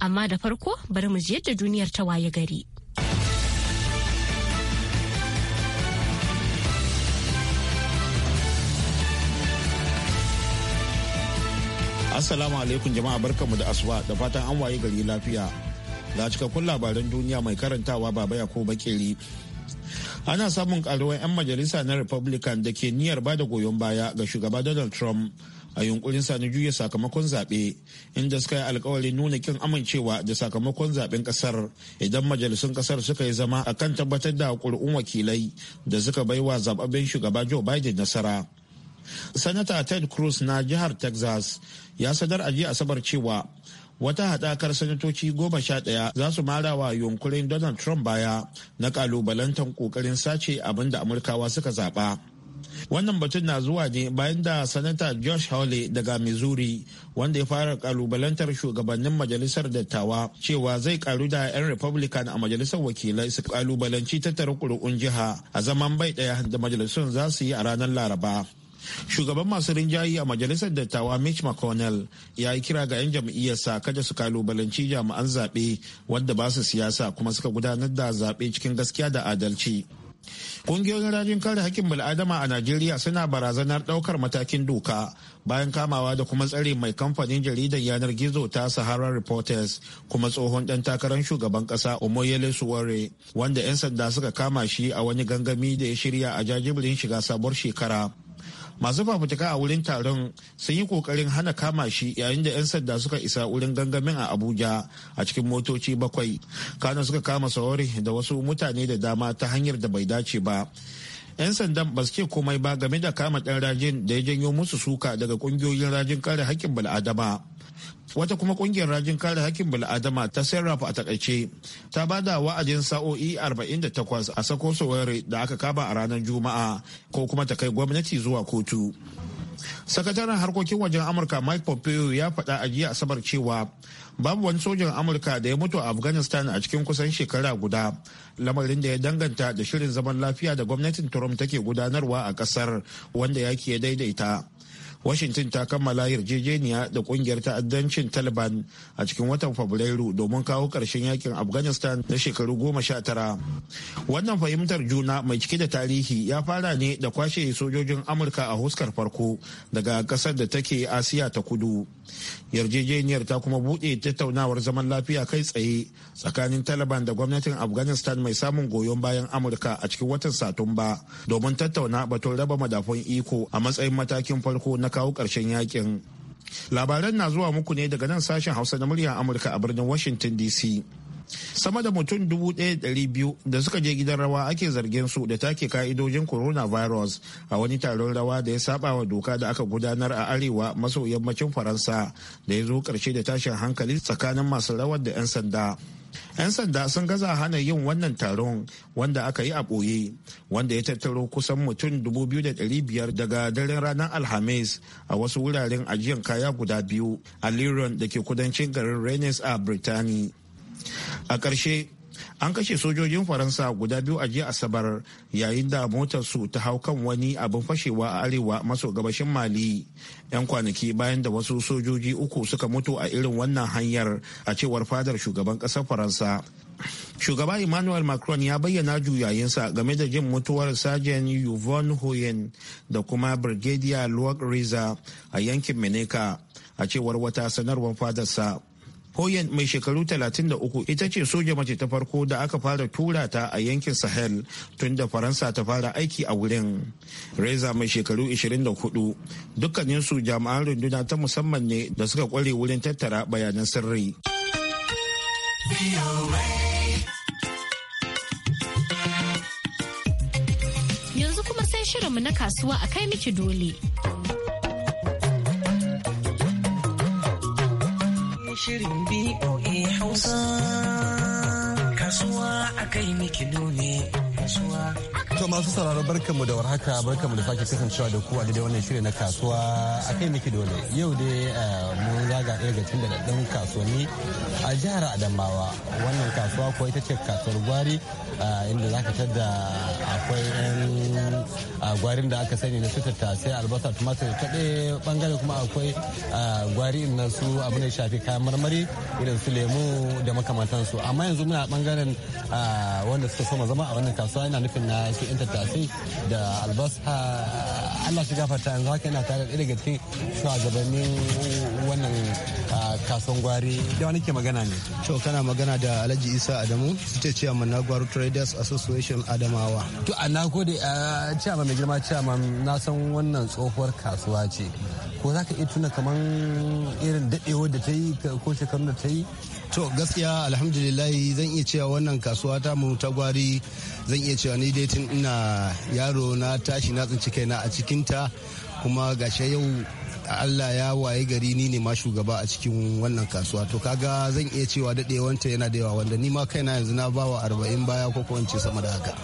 amma da farko bari mu yadda duniyar ta waye gari. Assalamu alaikum jama'a barkanmu da asuba da fatan an waye gari lafiya. Ga cikakkun labaran duniya mai karantawa baba ya ko bakeri. Ana samun karuwar 'yan majalisa na Republican da ke niyyar bada goyon baya ga shugaba Donald Trump a yunkurin sa na juya sakamakon zaɓe inda suka yi alkawarin nuna kin amincewa da sakamakon zaɓen ƙasar idan majalisun ƙasar suka yi zama a kan tabbatar da ƙuri'un wakilai da suka bai wa zaɓaɓɓen shugaba Joe Biden nasara. Sanata Ted Cruz na jihar Texas ya sadar a jiya Asabar cewa wata haɗakar sanatoci goma sha ɗaya za su mara wa yunkurin Donald Trump baya na ƙalubalantar ƙoƙarin sace abin da Amurkawa suka zaɓa. Wannan batun na zuwa ne bayan da Sanata Josh Hawley daga Missouri wanda ya fara kalubalantar shugabannin majalisar dattawa cewa zai karu da 'yan Republican a majalisar wakilai su kalubalanci tattara kuri'un jiha a zaman bai daya da majalisun za su yi a ranar Laraba. Shugaban masu rinjayi a majalisar dattawa Mitch McConnell ya yi kira ga 'yan jam'iyyarsa kada su kalubalanci jami'an zaɓe wadda ba su siyasa kuma suka gudanar da zaɓe cikin gaskiya da adalci. Ƙungiyoyin rajin kare hakkin bil'adama a Najeriya suna barazanar ɗaukar matakin doka bayan kamawa da kuma tsare mai kamfanin jaridar yanar gizo ta Sahara Reporters kuma tsohon ɗan takarar shugaban ƙasa Omoyele Suwore wanda 'yan sanda suka kama shi a wani gangami da ya shirya a jajibirin shiga sabuwar shekara. masu fafutuka a wurin taron sun yi kokarin hana kama shi yayin da 'yan sanda suka isa wurin gangamin a abuja a cikin motoci bakwai kano suka kama saurari da wasu mutane da dama ta hanyar da bai dace ba 'yan sandan ba su ce komai ba game da kama ɗan rajin da ya janyo musu suka daga ƙungiyoyin rajin kare haƙƙin bal'adama wata kuma kungiyar rajin kare hakkin bil'adama ta sarrafa a takaice ta ba da wa'adin sa'o'i 48 a sako sowore da aka kaba a ranar juma'a ko kuma ta kai gwamnati zuwa kotu sakataren harkokin wajen amurka mike pompeo ya faɗa a jiya asabar cewa babu wani sojan amurka da ya mutu a afghanistan a cikin kusan shekara guda lamarin da ya danganta da shirin zaman lafiya da gwamnatin trump take gudanarwa a kasar wanda ya ya daidaita washington ta kammala yarjejeniya da kungiyar ta'addancin taliban a cikin watan fabrairu domin kawo karshen yakin afghanistan na shekaru goma sha tara wannan fahimtar juna mai cike da tarihi ya fara ne da kwashe sojojin amurka a huskar farko daga kasar da take asiya ta kudu yarjejeniyar ta kuma buɗe tattaunawar zaman lafiya kai tsaye tsakanin taliban da gwamnatin afghanistan mai samun goyon bayan amurka a cikin watan satumba domin tattauna batun raba madafun iko a matsayin matakin farko na kawo ƙarshen yakin labaran na zuwa muku ne daga nan sashen hausa na muryar amurka a birnin washington dc sama da mutum 1,200 da suka je gidan rawa ake zargin su da take ka'idojin coronavirus a wani taron rawa da ya saba wa doka da aka gudanar a arewa maso yammacin faransa da ya zo karshe da tashin hankali tsakanin masu rawar da 'yan sanda 'Yan sanda sun gaza hana yin wannan taron wanda aka yi a ɓoye, wanda ya tattaro kusan mutum 2,500 daga daren ranar Alhamis a wasu wuraren ajiyar kaya guda biyu a Liron da ke kudancin garin Rennes a Birtani. A ƙarshe, an kashe sojojin faransa guda biyu a jiya asabar yayin da motarsu ta hau kan wani abin fashewa a arewa maso gabashin mali yan kwanaki bayan da wasu sojoji uku suka mutu a irin wannan hanyar a cewar fadar shugaban ƙasar faransa shugaba emmanuel macron ya bayyana juyayensa game da jin mutuwar sajen yvonne hoyen da kuma brigadier luwak reza a yankin meneka a cewar wata sanarwar fadarsa Hoyen mai shekaru 33 ita ce soja mace ta farko da aka fara tura ta a yankin Sahel tun da Faransa ta fara aiki a wurin. Reza mai shekaru 24 dukkaninsu jama'an runduna ta musamman ne da suka kware wurin tattara bayanan sirri. Yanzu kuma sai shirinmu na kasuwa a kai miki dole. shirin BOA Hausa. Kasuwa a kai miki nune, kasuwa To masu sauraro barkanmu da warhaka barkanmu da sake kasancewa da kuwa a daidai wannan shirin na kasuwa a kai miki dole yau dai eh, mun zaga ɗaya ga cikin daɗaɗɗun kasuwanni a jihar Adamawa wannan kasuwa ko ita ce kasuwar gwari eh, inda za ka tada akwai 'yan eh, gwarin da aka sani na su tattasai albasa tumatir ta ɗaya bangare kuma akwai gwari na su abu ne shafi kayan marmari irin su lemu da makamantansu amma yanzu muna bangaren wanda suka soma zama a wannan kasuwa yana nufin na su wanke yan tattasai da albasa Allah shiga fata yanzu haka yana tare da gaske suna shugabannin wannan kasuwan gwari da wani ke magana ne. To kana magana da Alhaji Isa Adamu su ce ciyama na Gwaru Traders Association Adamawa. To a na gode a ciyama mai girma ciyama na san wannan tsohuwar kasuwa ce. Ko za ka iya tuna kamar irin daɗewar da ta yi ko shekarun da ta yi to gaskiya alhamdulillahi zan iya cewa wannan kasuwa ta mu ta gwari zan iya cewa ni dai tun ina yaro na tashi na tsinci kaina a cikinta kuma gashe yau Allah ya waye gari ni ne ma shugaba a cikin wannan kasuwa to kaga zan iya cewa dadewanta yana da yawa wanda ni ma kaina yanzu na bawa arba'in baya ko ko sama da haka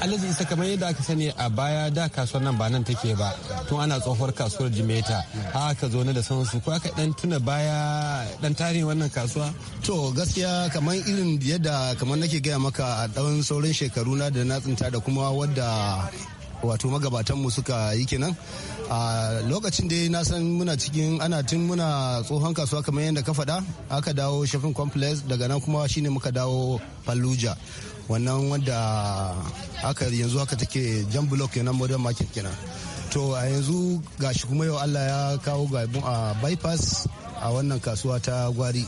alhaji isa kamar yadda aka sani a baya da kasuwar nan ba nan take ba tun ana tsohuwar kasuwar jimeta haka zo da sansu ko aka dan tuna baya dan tarihin wannan kasuwa to gaskiya kamar irin yadda kamar nake gaya maka a tsawon sauran shekaru na da na tsinta da kuma wadda wato magabatanmu suka yi kenan a lokacin da na san muna cikin ana tun muna tsohon kasuwa kamar yadda ka faɗa aka dawo shafin complex daga nan kuma shine muka dawo fallujah wannan wanda aka yanzu haka take jan block kenan modern market kenan to a yanzu gashi kuma yau allah ya kawo ga a bypass a wannan kasuwa ta gwari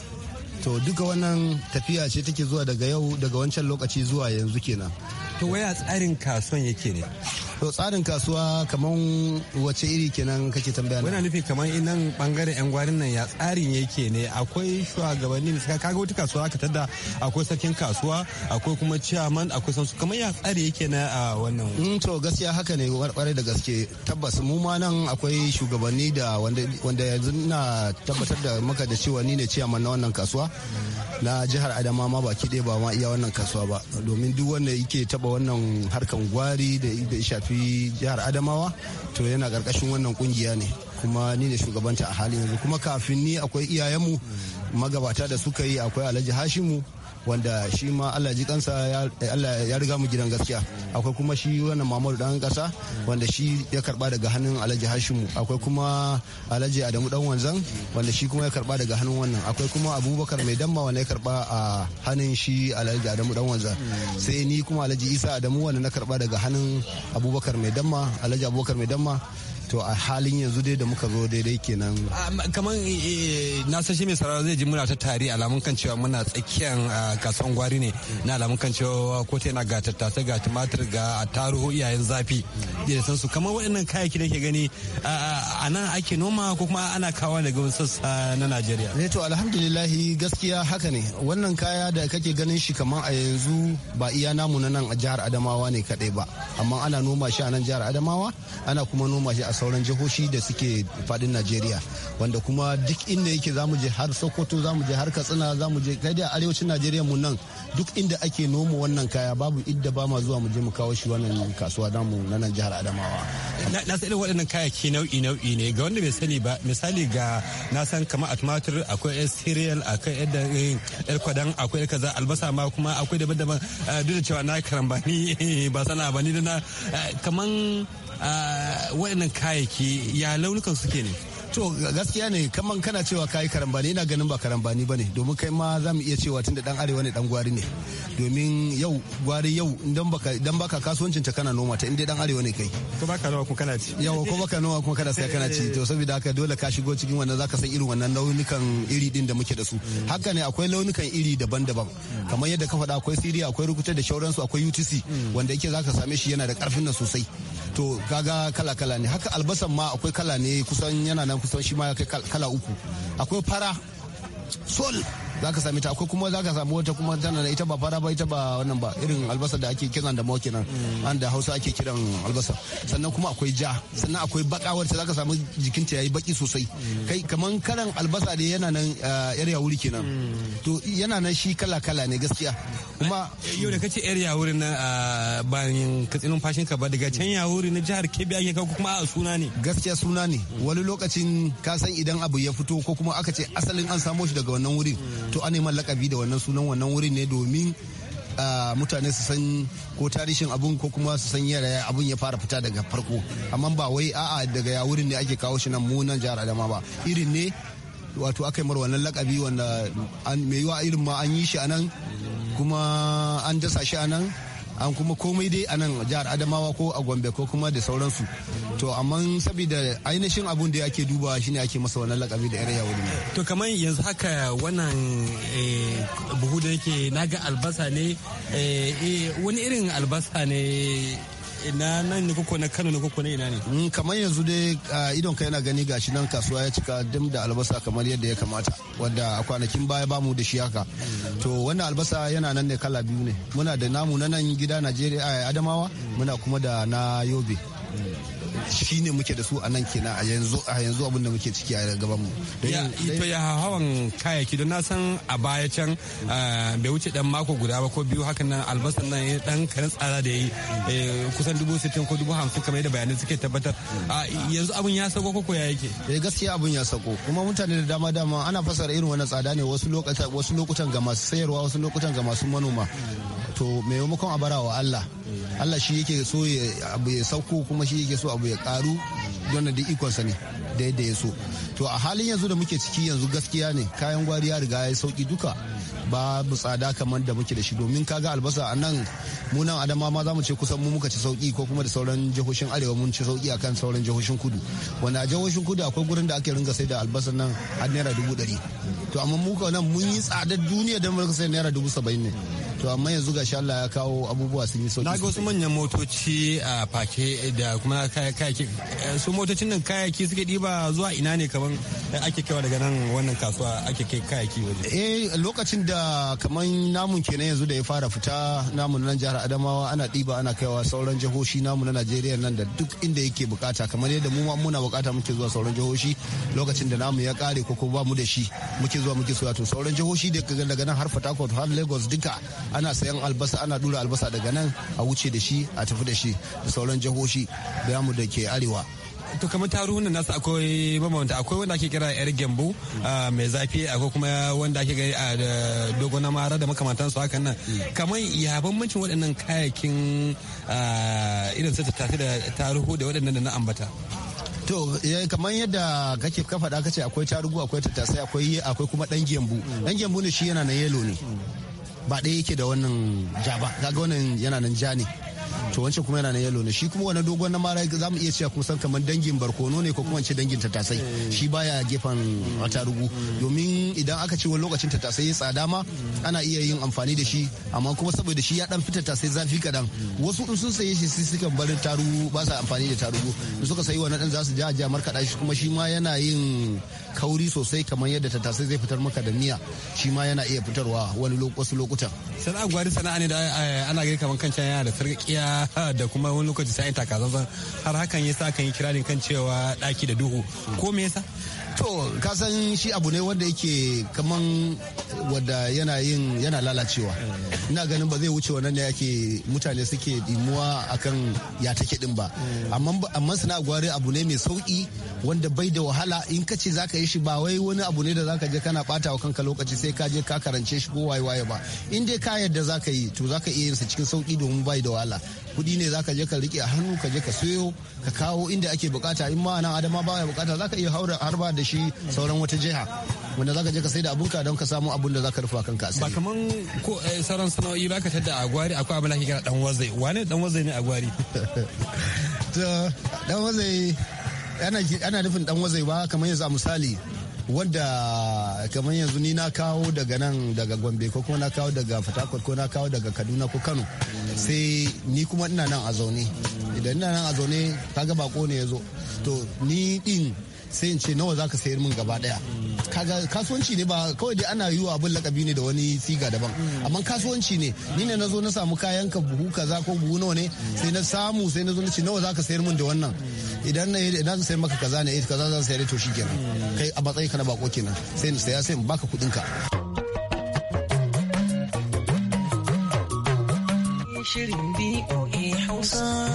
to duka wannan tafiya ce take zuwa daga yau daga wancan lokaci zuwa yanzu kenan to waya tsarin kasuwan yake ne to tsarin kasuwa kamar wace iri kenan kake tambaya na nufi kamar inan bangaren yan gwarin nan ya tsarin yake ne akwai shugabanni ne suka kaga wata kasuwa aka tada akwai sarkin kasuwa akwai kuma chairman akwai sansu kamar ya tsari yake na a wannan mm to gaskiya haka ne kwarai da gaske tabbas mu ma nan akwai shugabanni da wanda yanzu na tabbatar da maka da cewa ni ne chairman na wannan kasuwa na jihar Adama ma baki ɗaya ba ma iya wannan kasuwa ba domin duk wanda yake taba wannan harkan gwari da da shafi jihar adamawa to yana karkashin wannan kungiya ne kuma ni ne shugabanta a halin yanzu kuma kafin ni akwai iyayenmu magabata da suka yi akwai alhaji hashimu wanda shi ma Allah ji kansa Allah ya riga mu gidan gaskiya akwai kuma shi wannan Muhammadu dan kasa wanda shi ya karba daga hannun Alhaji Hashimu akwai kuma Alhaji Adamu dan wanzan wanda shi kuma ya karba daga hannun wannan akwai kuma Abubakar mai damma wanda ya karba a hannun shi Alhaji Adamu dan wanzan sai ni kuma Alhaji Isa Adamu wanda na karba daga hannun Abubakar mai damma Alhaji Abubakar mai damma to a halin yanzu dai da muka zo daidai kenan ah, kamar eh, eh, na san shi mai sarara zai ji muna ta tari alamun kan cewa muna tsakiyan ah, kasuwan gwari ne na alamun kan cewa ko ta yana ga tattasai ga tumatir ga taro iyayen zafi da san su kamar waɗannan kayayyaki da ke gani ah, a nan ake noma ko kuma ana kawo daga wasu sassa na Najeriya ne eh, to alhamdulillah gaskiya haka ne wannan kaya da kake ganin shi kamar a yanzu ba iya namu na nan a jihar Adamawa ne kadai ba amma ana noma shi a nan jihar Adamawa ana kuma noma shi a sauran jihohi da suke fadin najeriya wanda kuma duk inda yake zamu je har sokoto zamu je har katsina zamu je kai da arewacin najeriya mu nan duk inda ake noma wannan kaya babu idda ba ma zuwa mu je mu kawo shi wannan kasuwa mu na nan jihar adamawa na san irin waɗannan kaya ke nau'i nau'i ne ga wanda bai sani ba misali ga na san kamar a tumatir akwai cereal akwai yan eh, kwadan akwai kaza albasa ma kuma akwai daban-daban eh, duk da cewa na karambani eh, ba sana ba ni da na kaman Ah, waɗannan kayayyaki ya launukan suke ne to gaskiya ne kaman kana cewa kayi karambani ina ganin ba karambani bane domin kai ma za mu iya cewa tunda dan arewa ne dan gwari ne domin yau gwari yau idan baka baka kasuwancin ta kana noma ta inda dan arewa ne kai ko baka noma kuma kana ci yawa ko baka noma kuma kana sai kana ci to saboda haka dole ka shigo cikin wannan zaka san irin wannan launukan iri din da muke da su haka ne akwai launukan iri daban-daban kamar yadda ka faɗa akwai siriya akwai rukuta da shauransu akwai utc wanda yake zaka same shi yana da karfin nan sosai to kaga kala-kala ne haka albasan ma akwai kala ne kusan yana nan nan kusan shi ma ya kai kala uku akwai fara sol za ka sami ta akwai kuma za ka samu wata kuma tana da ita ba fara ba ita ba wannan ba irin albasa da ake kiran da mawa kenan mm. an da hausa ake kiran albasa sannan kuma akwai ja sannan akwai baka wacce za ka samu jikinta yayi baki sosai mm. kai kaman karan albasa da yana nan yar ah, yawuri kenan mm. to yana nan shi kala kala ne gaskiya kuma eh, yau da kace yar yawuri na ah, bayan katsinin fashin ka ba daga can yawuri na jihar Kebbi ake kawo kuma a suna ne gaskiya suna ne wani lokacin ka san idan abu ya fito ko kuma aka ce asalin an samo shi daga wannan wurin to an neman lakabi da wannan sunan wannan wurin ne domin mutane su san ko tarishin abun ko kuma su san yara abun ya fara fita daga farko amma ba wai a'a daga ya wurin ne ake kawo shi nan mu nan jihar adama ba irin ne wato aka yi mar wannan lakabi wanda mai yiwa irin ma an yi shi a kuma an dasa shi anan. an kuma komai dai a nan jihar adamawa ko a gombe ko kuma da sauransu to amma saboda ainihin abun da ake dubawa shine ake masa wannan lakabi da area wuri to kamar yanzu haka wannan eh, buhu da yake naga albasa ne eh, eh, wani irin albasa ne ina nan ne na Kano ne koko na ina ne mm, kamar yanzu dai idon ka yana gani gashi nan kasuwa ya cika dim da albasa kamar yadda ya kamata wanda a kwanakin baya bamu da shi haka to wannan albasa yana nan ne kala biyu ne muna da namu na nan gida Najeriya Adamawa muna kuma da na Yobe shi ne muke da su a nan kenan a yanzu a yanzu abin da muke ciki a gaban mu to ya hawan kayaki don na san a baya can eh, bai wuce dan mako guda ba ko biyu hakan nan albasan nan dan karin tsara da yi eh, kusan dubu sittin ko dubu hamsin kamar yadda bayanai suke tabbatar ah, yanzu abin ya sako ko ya yake eh gaskiya abin ya sako kuma mutane da dama dama ana fasara irin wannan tsada ne wasu lokutan wasu lokutan ga masu sayarwa wasu lokutan ga masu manoma to maimakon a barawa Allah Allah shi yake so ya sauko kuma shi yake so abu abu ya karu don da ikonsa ne da yadda ya so to a halin yanzu da muke ciki yanzu gaskiya ne kayan gwari ya riga ya sauki duka ba mu tsada kamar da muke da shi domin kaga albasa a nan munan adama ma za mu ce kusan mu muka ci sauki ko kuma da sauran jihohin arewa mun ci sauki akan sauran jihohin kudu wanda jihohin kudu akwai gurin da ake ringa sai da albasa nan a naira dubu ɗari to amma mu ka nan mun yi tsadar duniya don mu sai naira dubu saba'in ne to amma yanzu ga sha Allah ya kawo abubuwa sun yi sauki na ga wasu manyan motoci a fake da kuma kayaki eh, su motocin nan kayaki suke diba zuwa ina ne kaman eh, ake kaiwa daga nan wannan kasuwa ake kai kayaki waje eh lokacin da kaman namun kenan yanzu da ya fara fita namun nan jihar Adamawa ana diba ana kaiwa sauran jihohi namun na Najeriya nan da duk inda yake bukata kamar yadda mu muna bukata muke zuwa sauran jihohi lokacin da namu ya kare ko kuma ba mu da shi muke zuwa muke soya to sauran jihohi daga nan har Port har Lagos duka ana sayan albasa ana dura albasa daga nan a wuce da shi a tafi da shi da sauran jihohi da mu da ke arewa to kamar taruhunan nasu akwai bambanta akwai wanda ake kira yar gembu mai zafi akwai kuma wanda ake gani a dogon mara da makamantansu hakan nan kamar ya bambancin waɗannan kayakin irin su tafi da taruhu da waɗannan da na ambata To eh, kamar yadda kake da aka ce akwai tarugu akwai tattasai akwai akwai kuma ɗan gembu. Ɗan gembu ne shi yana na yelo ne. ba ɗaya yake da wannan ja ba kaga wannan yana nan ja ne to wancan kuma yana nan yalo ne shi kuma wani dogon na mara za mu iya cewa san kamar dangin barkono ne ko kuma ce dangin tattasai shi baya gefen a-ta-rugu domin idan aka ce wani lokacin tattasai ya tsada ma ana iya yin amfani da shi amma kuma saboda shi ya dan fita tattasai zafi kadan wasu in sun saye shi suka bar tarugu ba sa amfani da tarugu in suka sayi wani dan za su ja ja markaɗa shi kuma shi ma yana yin kauri sosai kamar yadda tattasai zai fitar maka da miya shi ma yana iya fitarwa wani wasu lokutan sana'a gwari sana'a ne da eh, ana gani kamar kan yana da sarkakiya da kuma wani lokaci sai takazanzan har hakan yasa kan yi kirarin kan cewa daki da duhu ko me yasa to san shi abu ne wanda yake kaman wadda yana yin yana lalacewa ina ganin ba zai wuce wannan ne yake mutane suke dimuwa akan ya take din ba amma suna gwari abu ne mai sauki wanda bai da wahala in ka ce zaka yi shi ba wai wani abu ne da zaka je kana bata wa kanka lokaci sai ka je ka karance shi ko waye waye ba in dai ka yadda zaka yi to zaka iya yin sa cikin sauki domin bai da wahala kuɗi ne zaka je ka rike a hannu ka je ka sayo ka kawo inda ake bukata in ma nan adama ba ya bukata zaka iya haura harba da shi sauran wata jiha wanda zaka je ka sai da abunka don ka samu abun da zaka rufa kanka asiri ba kaman ko eh, sauran sana'o'i ba ka tada agwari akwai abin da ke kira dan wazai wane dan wazai ne agwari to dan wazai ana nufin dan wazai ba kamar yanzu a misali wanda kamar yanzu ni na kawo daga nan daga gombe ko kuma na kawo daga fatakwal ko na kawo daga kaduna ko kano sai ni kuma ina nan a zaune idan ina nan a zaune kaga bako ne ya zo to ni din sai in ce nawa zaka sayar min gaba daya kaga kasuwanci ne ba kawai dai ana yi wa abin lakabi ne da wani siga daban amma kasuwanci ne ni ne na zo na samu kayan ka buhu kaza ko buhu nawa ne sai na samu sai na zo na ce nawa zaka sayar min da wannan idan na idan sayar maka kaza ne eh, kaza zan sayar to shikenan kai a matsayin ka na bako kenan sai na saya sai in baka kudin ka shirin BOA Hausa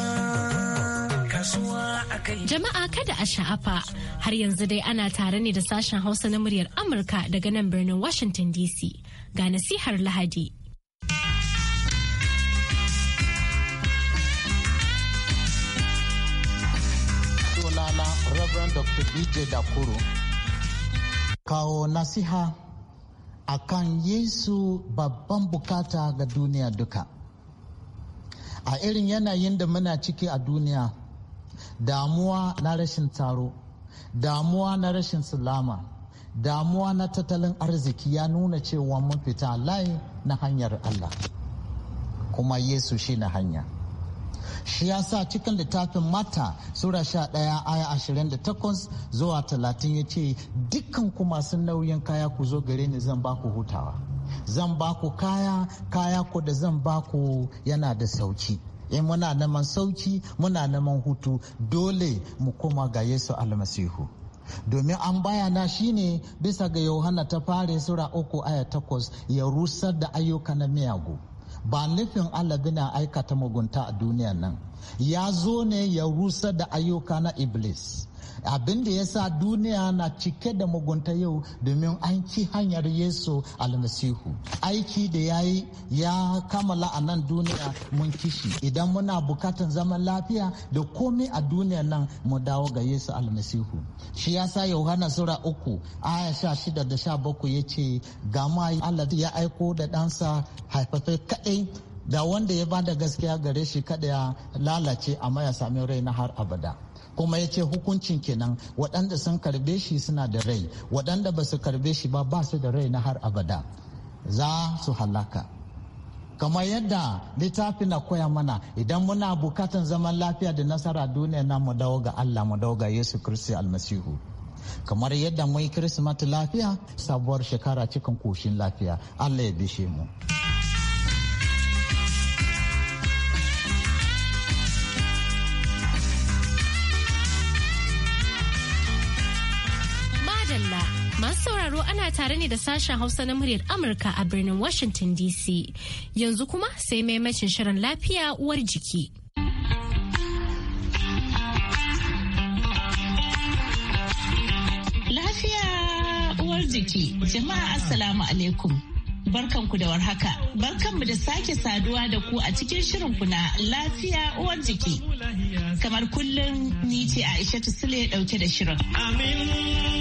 Jama'a kada a sha'afa har yanzu dai ana tare ne da sashen Hausa na muryar Amurka daga nan birnin Washington DC ga nasihar Lahadi. Sunana Reverend Dr. BJ Dakuru kawo nasiha a kan Yesu babban bukata ga duniya duka. A irin yanayin da muna ciki a duniya damuwa na rashin taro damuwa na rashin sulama damuwa na tattalin arziki ya nuna cewa mun fita layi na hanyar allah kuma yesu shi na hanya shi ya sa cikin littafin mata sura sha ɗaya aya ashirin da takwas zuwa talatin ya ce dukkan ku masu nauyin kaya ku zo gare ni zan baku hutawa zan baku kaya kaya ku da zan baku yana da sauki in muna neman sauki muna neman hutu dole mu koma ga yesu almasihu domin an bayana shine bisa ga yohana ta fare sura uku aya takwas ya rusar da ayyuka na miyagu ba nufin allah bina aikata mugunta a duniya nan ya zo ne ya rusar da ayyuka na iblis abin da ya sa duniya na cike da mugunta yau domin an ci hanyar yesu almasihu aiki da ya yi ya kammala a nan duniya mun kishi idan muna bukatan zaman lafiya da komai a duniya nan mu dawo ga yesu almasihu shi ya sa yohana sura uku aya sha shida da sha bakwai ya ce gama allah ya aiko da ɗansa haifafai kaɗai da wanda ya ba da gaskiya gare shi kada ya lalace amma ya sami rai na har abada kuma ya ce hukuncin kenan waɗanda sun karbe shi suna da rai waɗanda ba su karbe shi ba ba su da rai na har abada za su halaka kamar yadda littafi na koya mana idan muna bukatan zaman lafiya da nasara duniya na mu dawo ga allah mu dawo ga yesu kristi almasihu kamar yadda mai kirsimati lafiya sabuwar shekara cikin koshin lafiya allah ya bishe mu Masu sauraro ana tare ne da sashen Hausa na muryar Amurka a birnin Washington DC. Yanzu kuma sai maimacin shirin lafiya uwar jiki. Lafiya uwar jiki, jama'a Assalamu alaikum. Barkanku da warhaka, barkanmu da sake saduwa da ku a cikin shirin kuna lafiya uwar jiki. Kamar kullum ni ce Aisha Sule dauke da shirin. Amin.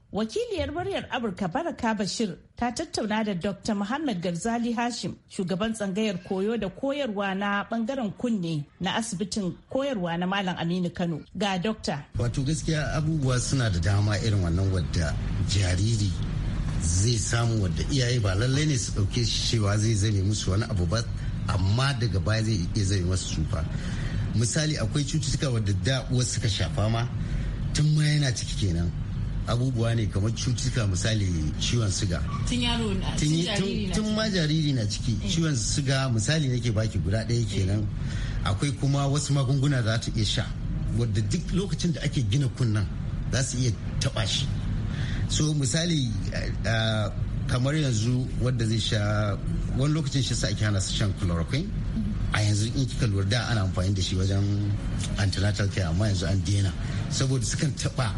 Wakiliyar muryar Amurka Baraka Bashir ta tattauna da Dr. Muhammad Garzali Hashim, shugaban tsangayar koyo da koyarwa na bangaren kunne na asibitin koyarwa na Malam Aminu Kano ga Dokta. Wato gaskiya abubuwa suna da dama irin wannan wadda jariri zai samu wadda iyaye ba lallai ne su dauke shi cewa zai zame musu wani abu ba amma daga baya zai iya zame masu tsufa. Misali akwai cututtuka wadda da wasu suka shafa ma tun ma yana ciki kenan abubuwa ne kamar cututtuka misali ciwon suga. tun yaro na tun ma jariri na ciki eh. ciwon suga misali nake baki guda ɗaya eh. kenan akwai kuma wasu magunguna za ta iya sha wadda duk lokacin da ake gina kunnan za su iya taɓa shi so misali eh, kamar yanzu wadda zai sha wani lokacin shi sa ake hana su shan chloroquine mm-hmm. a yanzu in kika lura da ana amfani da shi wajen antenatal care amma yanzu an daina saboda sukan taɓa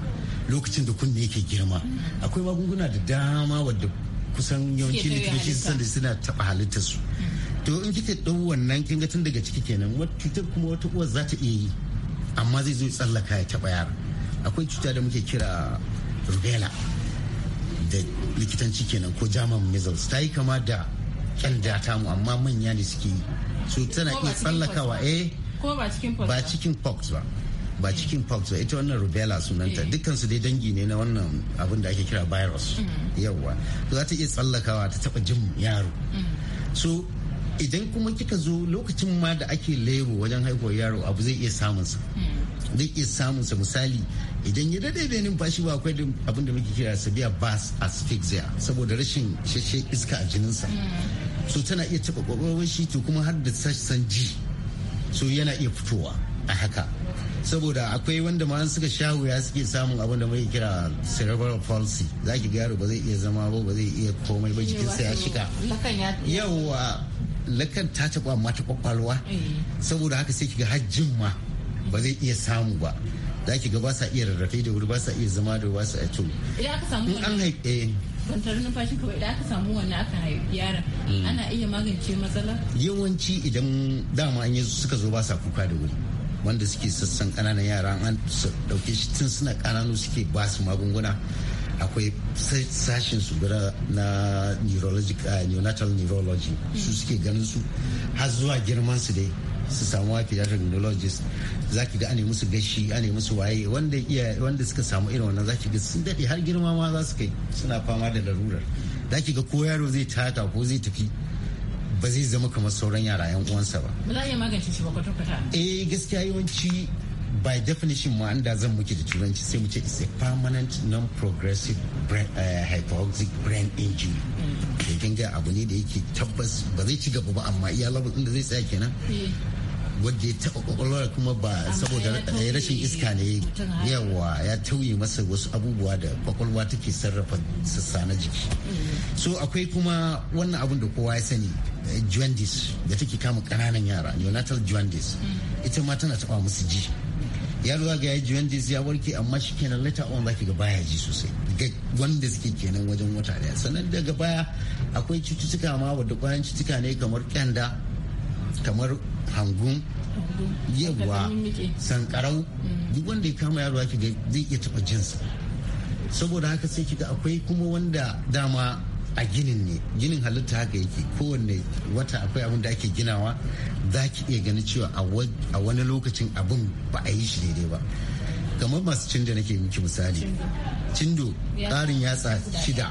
lokacin da kunne yake girma akwai magunguna da dama wadda kusan yawanci likitoci san da suna taba halittar su to in kika dau wannan kin ga tun daga ciki kenan wata cutar kuma wata uwar za ta iya yi amma zai zo tsallaka ya taba yara akwai cuta da muke kira rubella da likitanci kenan ko german measles ta yi kama da kyan ta mu amma manya ne suke yi so tana iya tsallakawa eh ba cikin pox ba ba cikin pox ba ita wannan rubella sunanta eh. dukkan su dai dangi ne na wannan abin da ake kira virus mm-hmm. yawa to za ta iya tsallakawa ta taba jin yaro mm-hmm. so idan kuma kika zo lokacin ma da ake lebo wajen haihuwar yaro abu zai iya samun sa mm-hmm. zai iya samun sa misali idan ya daɗe nin numfashi ba akwai abin da muke kira sabiya bas asphyxia saboda rashin shashe iska a jinin sa so tana iya taba ƙwaƙwalwar shi to kuma har da sassan ji so yana iya fitowa a haka saboda akwai wanda ma suka sha wuya suke samun abin da muke kira cerebral palsy za ki yaro ba zai iya zama ba ba zai iya komai ba jikinsa ya shiga. yawa lakan ta taɓa kwa ta kwakwalwa eh. saboda haka sai kiga hajjin ma ba zai iya samu ba za ki ga ba sa iya rarrafe da wuri ba sa iya zama da ba sa a to idan aka samu an haife kwantar eh. numfashi kawai idan aka samu wani aka haifi yaron mm. ana iya magance matsala. yawanci idan dama an yi suka zo ba sa kuka da wuri wanda suke sassan kananan yara an ɗauke shi tun suna kananu suke basu magunguna akwai sashen su gura na ah, neonatal neurology su suke ganin su har zuwa girman su dai su samu pediatric neurologist za ki ga ane musu gashi ane musu waye wanda iya wanda suka samu irin wannan za ki ga sun daɗe har girma ma za su kai suna fama da larurar za ki ga ko yaro zai tata ko zai tafi ba zai zama kamar sauran yara yan uwansa ba ba za a iya magance shi ba ko kwata eh gaskiya yawanci by definition ma da zan muke da turanci sai mu ce it's a permanent non-progressive brain, uh, hypoxic brain injury mm. kin ganga abu ne da yake tabbas ba zai ci gaba ba amma iya labar da zai tsaya kenan eh. wadda ya taɓa ƙwaƙwalwar kuma ba saboda rashin iska ne yawa ya tauye masa wasu abubuwa da ƙwaƙwalwa take sarrafa sassa na jiki mm. so akwai kuma wannan abin da kowa ya sani eh, jaundice da take kama ƙananan yara neonatal jaundice mm. ita ma tana taɓa musu ji yaro ga ya jaundice ya warke amma shi kenan later on zaki ga baya ji sosai ga wanda suke kenan wajen wata daya sannan daga baya akwai cututtuka ma wadda kwayan cututtuka ne kamar kyanda kamar hangun yawa sankarau mm. duk wanda ya kama yaro ki ga zai iya taba jinsa saboda haka sai kiga akwai kuma wanda dama a ginin ne ginin halitta haka yake kowanne wata akwai abin da ake ginawa za ki iya ganin cewa a wani lokacin abin ba a yi shi daidai ba kamar masu da nake miki misali cindo tsarin yatsa shida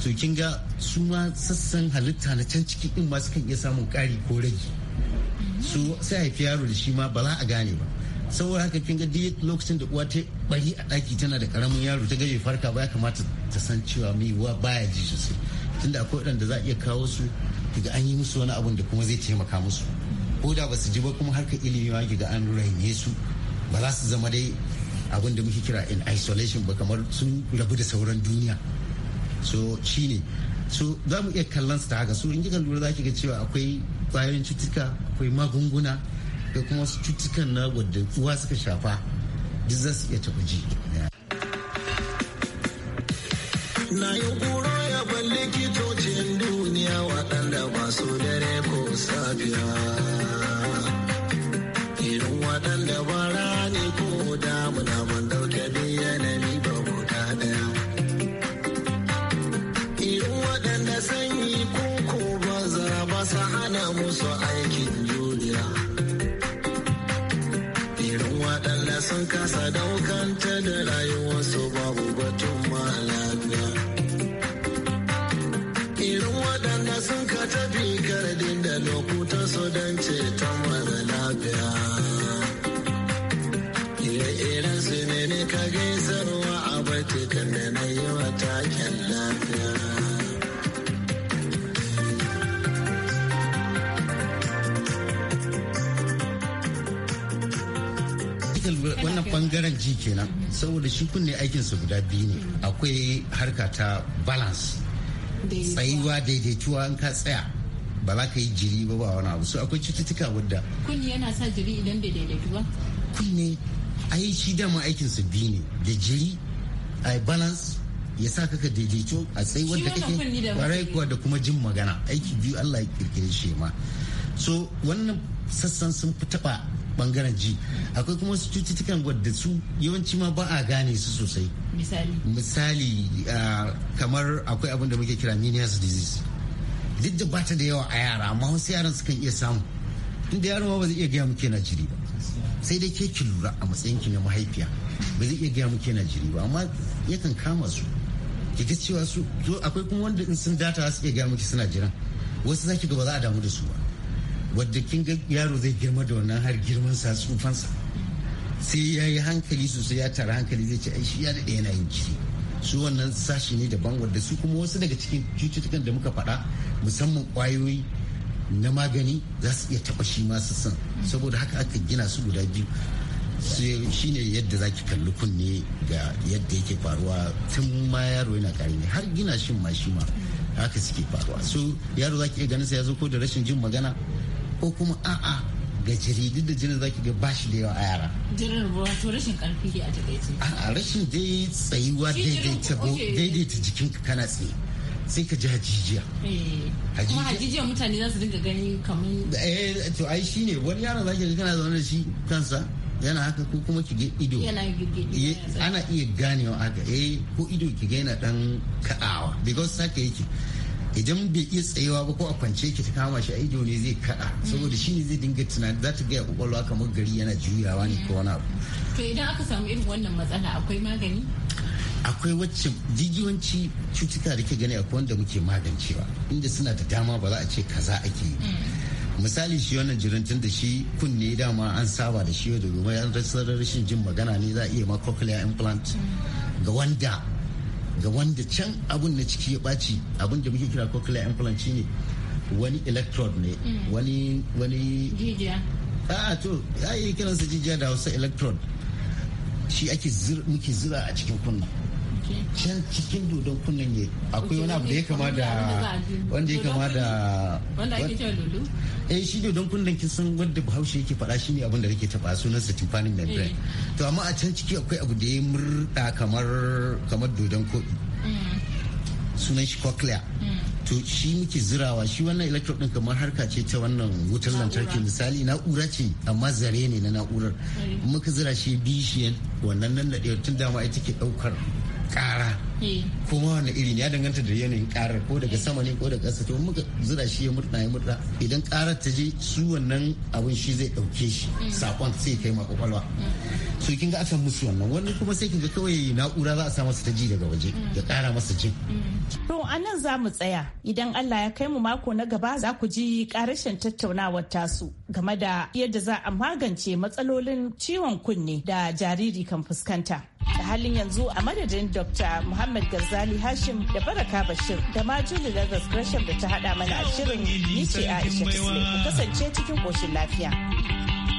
to kin ga su ma sassan halitta na can cikin in ma sukan iya samun kari ko rage su sai haifi yaro da shi ma ba za a gane ba saboda haka kin ga duk lokacin da uwa ta bari a daki tana da karamin yaro ta gaje farka ba ya kamata ta san cewa mai uwa baya ji sosai tunda akwai waɗanda za a iya kawo su daga an yi musu wani abun da kuma zai taimaka musu ko da ba su ji ba kuma harkar ilimi ma ga an raine su ba za su zama dai abun da muke kira in isolation ba kamar sun rabu da sauran duniya so shine so za mu iya kallon su ta haka so in kan lura za ki ga cewa akwai kwayoyin cutuka akwai magunguna da kuma wasu cutukan na wadda uwa suka shafa duk za su iya ta na yi kuro ya ban likitocin duniya waɗanda ba su dare ko sabiya irin waɗanda ba kasa daukanta da rayuwarsu babu batun wannan bangaren ji kenan saboda shi kunne aikin su guda biyu ne akwai harka ta balance tsayuwa daidaituwa in ka tsaya ba za ka yi jiri ba ba wani abu so akwai cututtuka wadda kunne yana sa jiri idan bai daidaitu ba kunne ai shi dama aikin su biyu ne da jiri ai balance ya sa kaka daidaito a tsayuwar da kake kwarai kuwa da kuma jin magana aiki biyu Allah ya kirkire shi ma so wannan sassan sun fi taba bangaren ji akwai kuma wasu cututtukan wadda su yawanci ma ba a gane su sosai misali misali kamar akwai abin da muke kira menias disease duk da bata da yawa a yara amma wasu yaran sukan iya samu inda yaron ma ba zai iya gaya muke na jiri ba sai dai ke ki lura a matsayin ki na mahaifiya ba zai iya gaya muke na jiri ba amma yakan kama su ki ga cewa su akwai kuma wanda in sun data su iya gaya muke suna jiran wasu zaki ga ba za a damu da su ba wadda kin ga yaro zai girma da wannan har girman sa tsufansa sai ya yi hankali sosai ya tara hankali zai ce ai shi ya daɗe yana yin jiri su wannan sashi ne daban wadda su kuma wasu daga cikin cututtukan da muka faɗa musamman ƙwayoyi na magani za su iya taɓa shi ma su san saboda haka aka gina su guda biyu shi ne yadda za ki kalli kunne ga yadda yake faruwa tun ma yaro yana ƙarami har gina shin ma shi ma haka suke faruwa so yaro za ki iya ganin sa ya zo ko da rashin jin magana ko kuma a'a ga jaridu da jinin zaki ga bashi da yawa a yara. Jinin wato rashin karfi a takaice. A rashin dai tsayuwa daidaita jikin kana tsaye. sai ka ji hajijiya. Eh, kuma hajijiya mutane za su dinga gani kamar. Eh to ai shine wani yaron zaki ga kana zaune da shi kansa yana haka ko kuma ki ga ido. Yana eh, Ana iya ganewa haka eh ko ido ki ga yana dan ka'awa because sake yake. idan bai iya tsayewa ba ko a kwance ki ta kama shi a ido ne zai kada saboda shi ne zai dinga tunani za ta gaya kwakwalwa kamar gari yana juyawa ne ko wani abu to idan aka samu irin wannan matsala akwai magani akwai wacce jijiyoyin cutuka da ke gani akwai wanda muke magancewa inda suna da dama ba za a ce kaza ake yi mm. misali shi wannan tun da shi kunne dama an saba da shi da domin an rashin jin magana ne za a iya ma cochlear implant mm. ga wanda ga wanda can abun na ciki ya ɓaci abun da muke kira cochlear implant ne wani electrode ne mm. wani wani jijiya a to ya yi kiransa jijiya da hausa electrode shi ake muke zira a cikin kunna can cikin dodon kunnan ne akwai wani abu da ya kama da wanda ya kama da wanda ake cewa lulu eh shi ne don kunnen kin san wanda bahaushe yake faɗa shi ne abin da rike taba sunan sa tifanin eh. to amma a can ciki akwai abu da ya murɗa kamar kamar dodon koɗi mm. sunan shi cochlea mm. to shi muke zirawa shi wannan electrode din kamar harka ce ta wannan wutar lantarki misali na'ura ce amma zare ne na na'urar eh. muka zira shi bishiyan wannan nan da tun dama ita ke ɗaukar kara. kuma wani iri ne ya danganta da yanayin karar ko daga sama ne ko daga ƙasa to muka zura shi ya murna ya murna idan karar ta je su wannan abin shi zai ɗauke shi sakon sai kai ma kwakwalwa so kin ga aka musu wannan wani kuma sai kin ga kawai na'ura za a sa masa ta ji daga waje ya ƙara masa ji. to a nan za mu tsaya idan Allah ya kai mu mako na gaba za ku ji ƙarashin tattaunawar tasu game da yadda za a magance matsalolin ciwon kunne da jariri kan fuskanta. Da halin yanzu a madadin Dr. Muhammad Garzali Hashim da Baraka Bashir da ma Julie da ta hada mana a shirin ni ce Aisha Kisle kasance cikin koshin lafiya.